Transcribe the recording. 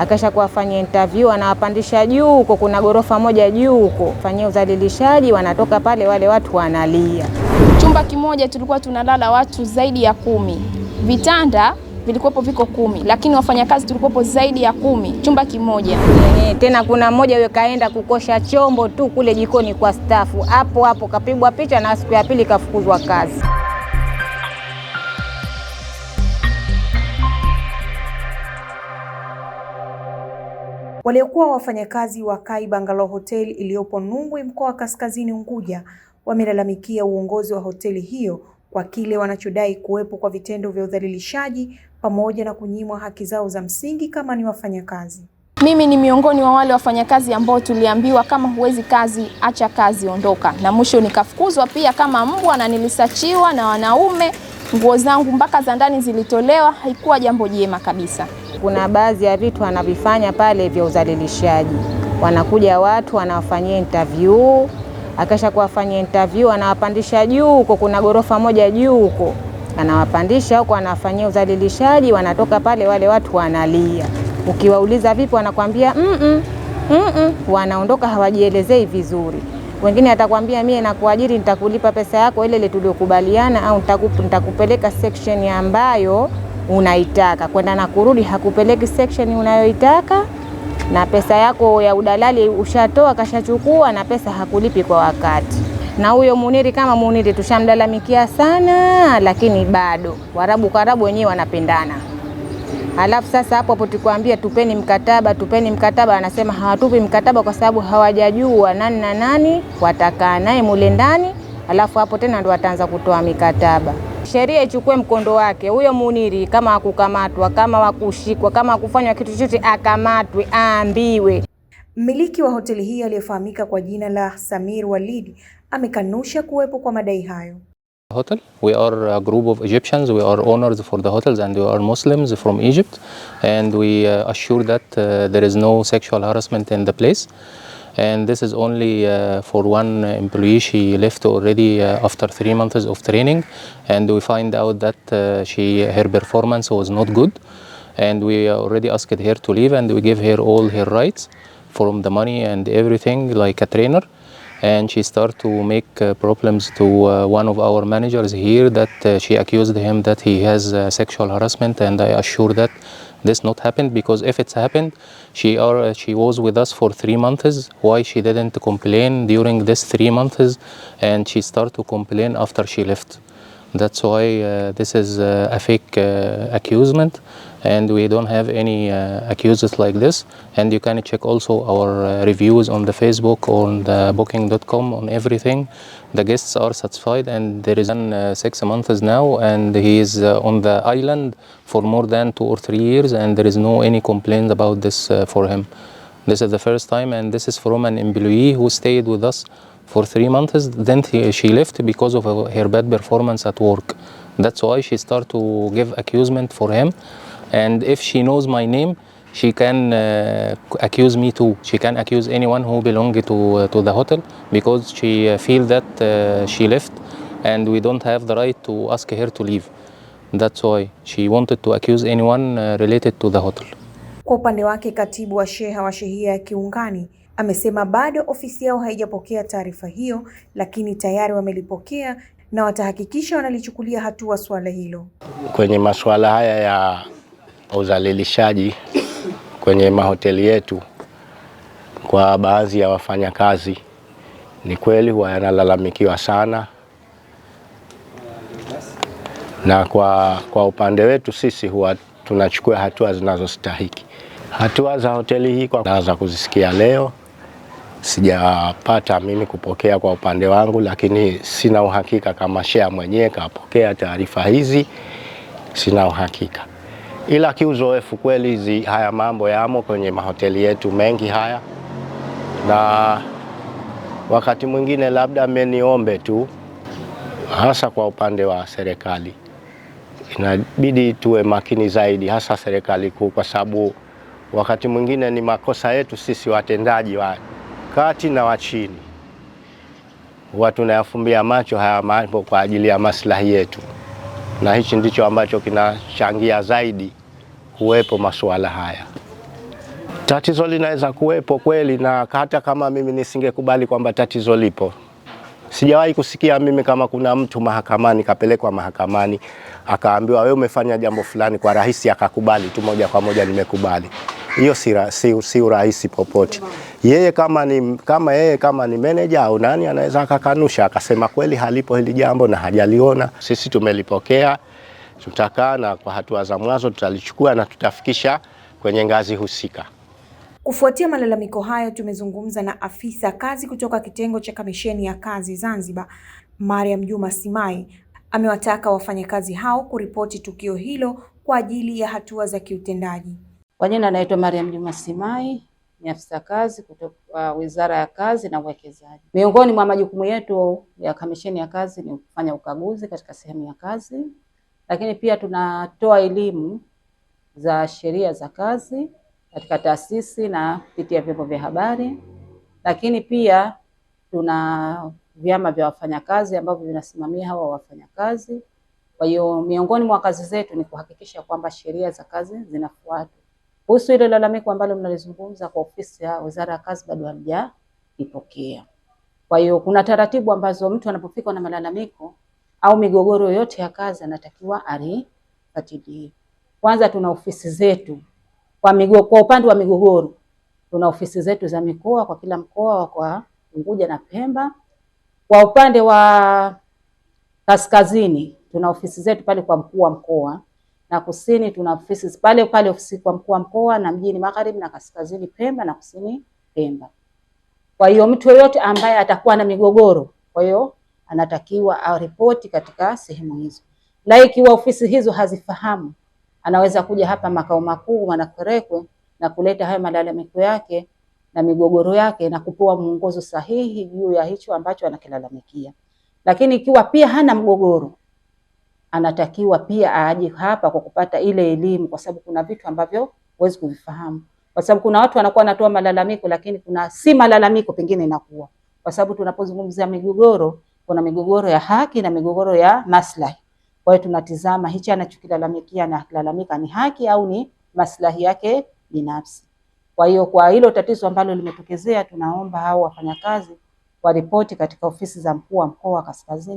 akasha kuwafanya interview, anawapandisha juu huko, kuna gorofa moja juu huko, fanyia udhalilishaji, wanatoka pale wale watu wanalia. Chumba kimoja tulikuwa tunalala watu zaidi ya kumi, vitanda vilikuwepo viko kumi, lakini wafanyakazi tulikuwepo zaidi ya kumi chumba kimoja. E, tena kuna mmoja huyo kaenda kukosha chombo tu kule jikoni kwa stafu, hapo hapo kapigwa picha na siku ya pili kafukuzwa kazi. Waliokuwa wafanyakazi wa Kai Bangalo Hotel iliyopo Nungwi mkoa wa Kaskazini Unguja wamelalamikia uongozi wa hoteli hiyo kwa kile wanachodai kuwepo kwa vitendo vya udhalilishaji pamoja na kunyimwa haki zao za msingi kama ni wafanyakazi. Mimi ni miongoni mwa wale wafanyakazi ambao tuliambiwa kama huwezi kazi acha kazi, ondoka, na mwisho nikafukuzwa pia kama mbwa na nilisachiwa na wanaume nguo zangu mpaka za ndani zilitolewa, haikuwa jambo jema kabisa. Kuna baadhi ya vitu wanavifanya pale vya uzalilishaji wanakuja watu wanawafanyia interview, akisha kuwafanyia interview anawapandisha juu huko, kuna gorofa moja juu huko, anawapandisha huko, anawafanyia uzalilishaji Wanatoka pale wale watu wanalia, ukiwauliza vipi, wanakwambia mm -mm, mm -mm. Wanaondoka hawajielezei vizuri. Wengine atakwambia mie nakuajiri, nitakulipa pesa yako ile ile tuliokubaliana, au nitakupeleka section ambayo unaitaka kwenda na kurudi, hakupeleki section unayoitaka, na pesa yako ya udalali ushatoa, kashachukua, na pesa hakulipi kwa wakati. Na huyo Muniri kama Muniri tushamlalamikia sana, lakini bado Warabu Karabu wenyewe wanapendana. Alafu sasa hapo hapo tukwambia tupeni mkataba, tupeni mkataba, anasema hawatupi mkataba kwa sababu hawajajua nani na nani watakaa naye mule ndani. Alafu hapo tena ndo wataanza kutoa mikataba. Sheria ichukue mkondo wake. Huyo muniri kama akukamatwa, kama wakushikwa, kama akufanywa kitu chochote, akamatwe, aambiwe. Mmiliki wa hoteli hii aliyefahamika kwa jina la Samir Walid amekanusha kuwepo kwa madai hayo. hotel. We are a group of Egyptians. We are owners for the hotels and we are Muslims from Egypt. And we uh, assure that uh, there is no sexual harassment in the place. And this is only uh, for one employee. She left already uh, after three months of training. And we find out that uh, she, her performance was not good. And we already asked her to leave and we gave her all her rights from the money and everything like a trainer and she started to make uh, problems to uh, one of our managers here that uh, she accused him that he has uh, sexual harassment and I assure that this not happened because if it's happened she are uh, she was with us for three months why she didn't complain during this three months and she started to complain after she left that's why uh, this is uh, a fake uh, accusation and we don't have any uh, accuses like this and you can check also our uh, reviews on the facebook on the booking.com on everything the guests are satisfied and there is an uh, six months now and he is on the island for more than two or three years and there is no any complaint about this for him this is the first time and this is from an employee who stayed with us for three months then she left because of her bad performance at work that's why she started to give accusement for him and if she knows my name she can uh, accuse me too she can accuse anyone who belong to uh, to the hotel because she uh, feel that uh, she left and we don't have the right to ask her to leave that's why she wanted to accuse anyone uh, related to the hotel kwa upande wake katibu wa sheha wa shehia ya Kiungani amesema bado ofisi yao haijapokea taarifa hiyo lakini tayari wamelipokea na watahakikisha wanalichukulia hatua suala hilo kwenye masuala haya ya uzalilishaji kwenye mahoteli yetu kwa baadhi ya wafanyakazi, ni kweli huwa yanalalamikiwa sana, na kwa, kwa upande wetu sisi huwa tunachukua hatua zinazostahiki. Hatua za hoteli hii naweza kuzisikia leo, sijapata mimi kupokea kwa upande wangu, lakini sina uhakika kama shea mwenyewe kapokea taarifa hizi, sina uhakika ila kiuzoefu kweli zi, haya mambo yamo kwenye mahoteli yetu mengi haya, na wakati mwingine labda meniombe tu, hasa kwa upande wa serikali inabidi tuwe makini zaidi, hasa serikali kuu, kwa sababu wakati mwingine ni makosa yetu sisi watendaji wa kati na wa chini, huwa tunayafumbia macho haya mambo kwa ajili ya maslahi yetu, na hichi ndicho ambacho kinachangia zaidi kuwepo masuala haya. Tatizo linaweza kuwepo kweli, na hata kama mimi nisingekubali kwamba tatizo lipo, sijawahi kusikia mimi kama kuna mtu mahakamani kapelekwa mahakamani akaambiwa wewe umefanya jambo fulani kwa rahisi, akakubali tu moja kwa moja, nimekubali. Hiyo si, si, si urahisi popote. Yeye kama ni, kama yeye kama ni meneja au nani, anaweza akakanusha akasema kweli halipo hili jambo na hajaliona. Sisi tumelipokea tutakaa na kwa hatua za mwanzo tutalichukua na tutafikisha kwenye ngazi husika. Kufuatia malalamiko hayo, tumezungumza na afisa kazi kutoka kitengo cha Kamisheni ya Kazi Zanzibar, Mariam Juma Simai. Amewataka wafanyakazi hao kuripoti tukio hilo kwa ajili ya hatua za kiutendaji. Kwa jina anaitwa Mariam Juma Simai, ni afisa kazi kutoka uh, Wizara ya Kazi na Uwekezaji. Miongoni mwa majukumu yetu ya Kamisheni ya Kazi ni kufanya ukaguzi katika sehemu ya kazi lakini pia tunatoa elimu za sheria za kazi katika taasisi na kupitia vyombo vya habari, lakini pia tuna vyama vya wafanyakazi ambavyo vinasimamia hawa wafanyakazi. Kwa hiyo miongoni mwa kazi zetu ni kuhakikisha kwamba sheria za kazi zinafuatwa. Kuhusu ile lalamiko ambalo mnalizungumza kwa ofisi ya Wizara ya Kazi, bado hamjaipokea. Kwa hiyo kuna taratibu ambazo mtu anapofikwa na malalamiko au migogoro yoyote ya kazi anatakiwa alifuatilie. Kwanza tuna ofisi zetu kwa migogoro, kwa upande wa migogoro tuna ofisi zetu za mikoa kwa kila mkoa kwa Unguja na Pemba. Kwa upande wa kaskazini tuna ofisi zetu pale kwa mkuu wa mkoa, na kusini tuna ofisi pale pale ofisi kwa mkuu wa mkoa, na mjini magharibi na kaskazini Pemba na kusini Pemba. Kwa hiyo mtu yoyote ambaye atakuwa na migogoro, kwa hiyo anatakiwa aripoti katika sehemu hizo, na ikiwa ofisi hizo hazifahamu, anaweza kuja hapa makao makuu Mwanakwerekwe na kuleta hayo malalamiko yake na migogoro yake na kupewa mwongozo sahihi juu ya hicho ambacho anakilalamikia. Lakini ikiwa pia hana mgogoro, anatakiwa pia aje hapa kwa kupata ile elimu, kwa sababu kuna vitu ambavyo huwezi kuvifahamu, kwa sababu kuna watu wanakuwa wanatoa malalamiko, lakini kuna si malalamiko, pengine inakuwa kwa sababu tunapozungumzia migogoro kuna migogoro ya haki na migogoro ya maslahi. Kwa hiyo tunatizama hichi anachokilalamikia na kilalamika ni haki au ni maslahi yake binafsi. Kwa hiyo kwa hilo tatizo ambalo limetokezea, tunaomba hao wafanyakazi waripoti katika ofisi za mkuu wa mkoa wa Kaskazini